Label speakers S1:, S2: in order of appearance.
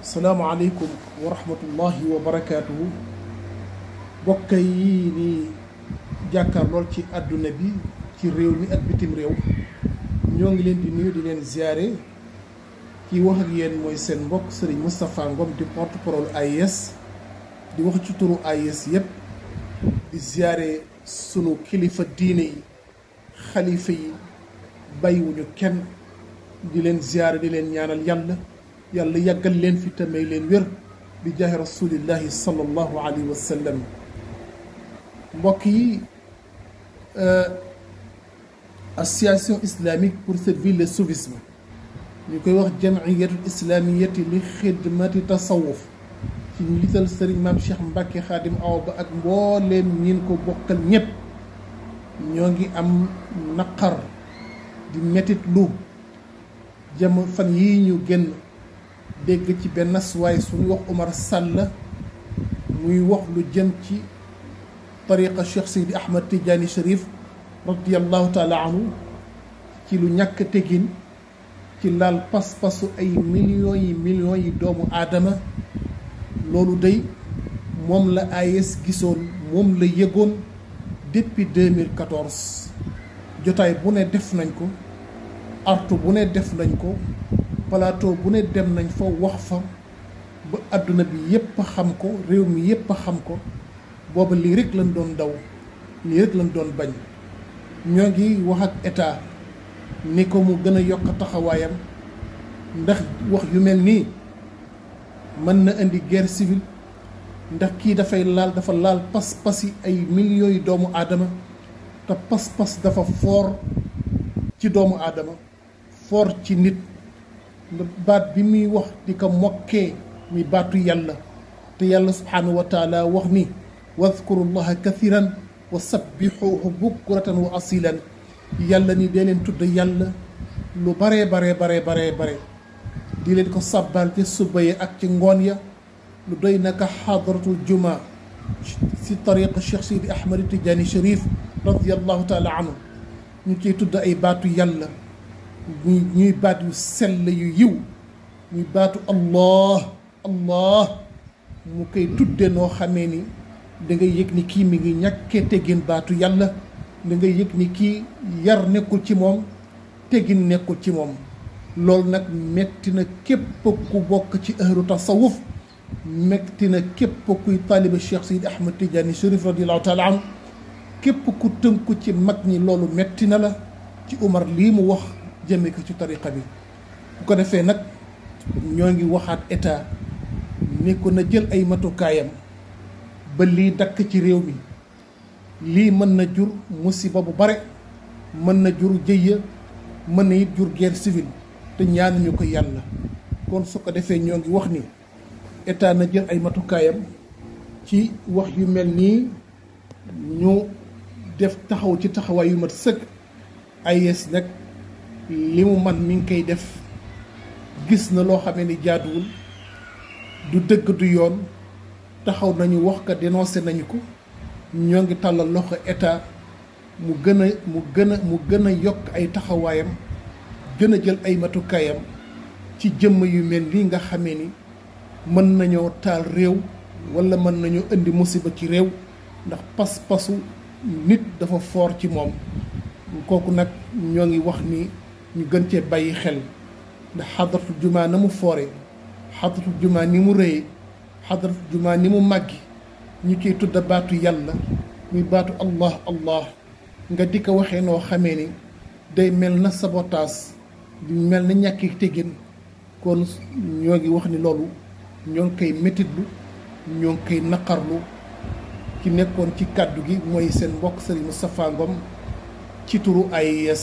S1: السلام عليكم ورحمة الله وبركاته بكيني جاكا لولتي أدو نبي تي ريوني أد بتم ريو نيونغ لين دي نيو دي لين زياري كي وحق ين موي سن بوك سري مصطفى نغم دي بورت برول آي دي وحق تطورو آي يب دي زياري سنو كليفة ديني خليفة بايو نيو كن دي لين زياري دي لين يانا اليالة يلا يقل لين في تميلين وير بجاه رسول الله صلى الله عليه وسلم مكي أه السياسي الإسلامي كورسي في لسوفيسم نكوي وقت جمعية الإسلامية لخدمة التصوف في مثل سري ما بشيخ مباكي خادم أو بأك مولي من كبوكل نيب نيونجي أم نقر دي ميتت لو جمع فنيين يجنو dégg ci benn suwaay suñu wax Omar Sall muy wax lu jëm ci tariqa Cheikh Seydi Ahmad Tidiane Cherif radiallahu taala anhu ci lu ñàkk tegin ci laal pas-pasu ay millions yi millions yi doomu aadama loolu day moom la AIS gisoon moom la yëgoon depuis 2014 jotaay bu ne def nañ ko artu bu ne def nañ ko plateau bu ne dem nañ fa wax fa ba àdduna bi yëpp xam ko réew mi yëpp xam ko booba lii rek lañ doon daw lii rek lañ doon bañ ñoo ngi wax ak état ni ko mu gën a yokk taxawaayam ndax wax yu mel nii mën na indi guerre civile ndax kii dafay laal dafa laal pas-pas yi ay millions yu doomu aadama te pas-pas dafa foor ci doomu aadama foor ci nit baat bi muy wax di ko mokkee muy baatu yàlla te yàlla subhaanahu wa taala wax ni wadkuru llaha kathiran wa sabbixuuhu bukratan wa asilan yàlla ni dee leen tudd yàlla lu baree baree baree baree bare di leen ko sabbal ci suba yi ak ci ngoon ya lu doy naka xadratul juma si tariqa cheikh sidi ahmad tijaani sharif radiallahu taala anhu ñu ciy tudd ay baatu yàlla ñuy ñuy baat yu sell yu yiw ñuy baatu allah allah mu koy tudde noo xamee ni dangay ngay yëg ni kii mi ngi ñàkkee teggin baatu yàlla da ngay yëg ni kii yar nekkul ci moom teggin nekkul ci moom loolu nag metti na képp ku bokk ci ahlu tasawuf metti na képp kuy taaliba cheikh sayid ahmad tijaani sharif radiallahu taala an képp ku tënku ci mag ñi loolu metti na la ci umar lii mu wax jëme ko ci tariqa bi bu ko defee nag ñoo ngi waxaat état ni ko na jël ay matukaayam ba lii dakk ci réew mi lii mën na jur musiba bu bare mën na jur jëyya mën na it jur guerre civile te ñaanuñu ko yàlla kon su ko defee ñoo ngi wax ni état na jël ay matukaayam ci wax yu mel nii ñu def taxaw ci taxawaay yu mat sëkk ay nag li mu man mi ngi koy def gis na loo xamee ni jaaduwul du dëgg du yoon taxaw nañu wax ko dénoncé nañu ko ñoo ngi tàllal loxo état mu gën a mu gën a mu gën a yokk ay taxawaayam gën a jël ay matukaayam ci jëmm yu mel nii nga xamee ni mën nañoo taal réew wala mën nañoo indi musiba ci réew ndax pas-pasu nit dafa foor ci moom kooku nag ñoo ngi wax ni ñu gën cee bàyyi xel ndax xadratul jumaa na mu foore xadratul jumaa ni mu rëye xadratul jumaa ni mu màggi ñu ciy tudda baatu yàlla muy baatu allah allah nga di ko waxee noo xamee ni day mel na sabotaas di mel na ñàkki tegin kon ñoo ngi wax ni loolu ñoo ngi koy métitlu ñoo ngi koy naqarlu ki nekkoon ci kàddu gi mooy seen mbokk Serigne Moustapha Ngom ci turu AIS